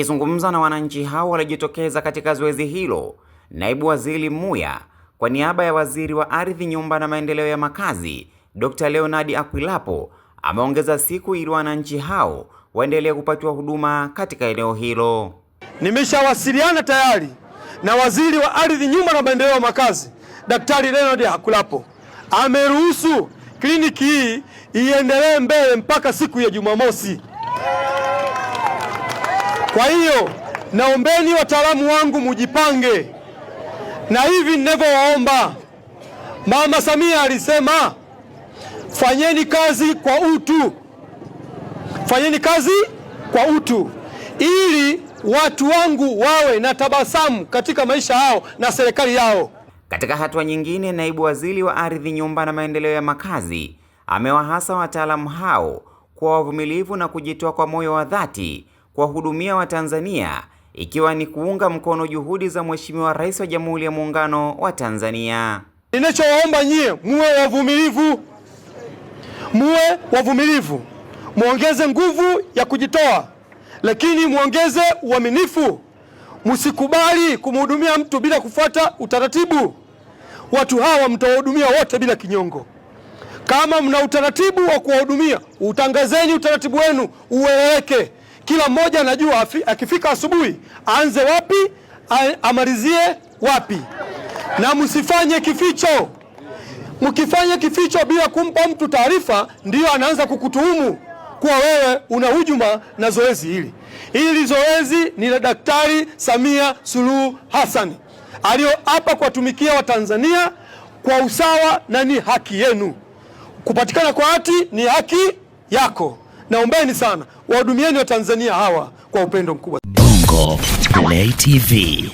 Akizungumza na wananchi hao waliojitokeza katika zoezi hilo, naibu waziri Muya kwa niaba ya waziri wa ardhi, nyumba na maendeleo ya makazi dr Leonard Akwilapo ameongeza siku ili wananchi hao waendelee kupatiwa huduma katika eneo hilo. Nimeshawasiliana tayari na waziri wa ardhi, nyumba na maendeleo ya makazi Daktari Leonard Akwilapo ameruhusu kliniki hii iendelee mbele mpaka siku ya Jumamosi. Kwa hiyo naombeni wataalamu wangu mujipange, na hivi ninavyowaomba. Mama Samia alisema fanyeni kazi kwa utu, fanyeni kazi kwa utu ili watu wangu wawe na tabasamu katika maisha yao na serikali yao. Katika hatua nyingine, naibu waziri wa ardhi, nyumba na maendeleo ya makazi amewahasa wataalamu hao kuwa wavumilivu na kujitoa kwa moyo wa dhati kuwahudumia Watanzania ikiwa ni kuunga mkono juhudi za Mheshimiwa Rais wa Jamhuri ya Muungano wa Tanzania. Ninachowaomba nyie muwe wavumilivu, muwe wavumilivu, muongeze nguvu ya kujitoa, lakini muongeze uaminifu. Msikubali kumhudumia mtu bila kufuata utaratibu. Watu hawa mtawahudumia wote bila kinyongo. Kama mna utaratibu wa kuwahudumia, utangazeni utaratibu wenu ueleweke. Kila mmoja anajua akifika asubuhi aanze wapi, amalizie wapi, na msifanye kificho. Mkifanya kificho bila kumpa mtu taarifa, ndiyo anaanza kukutuhumu kuwa wewe una hujuma na zoezi hili. Hili zoezi ni la Daktari Samia Suluhu Hassan aliyoapa kuwatumikia Watanzania kwa usawa, na ni haki yenu kupatikana kwa hati, ni haki yako. Naombeni sana wahudumieni wa Tanzania hawa kwa upendo mkubwa. Bongo Play TV.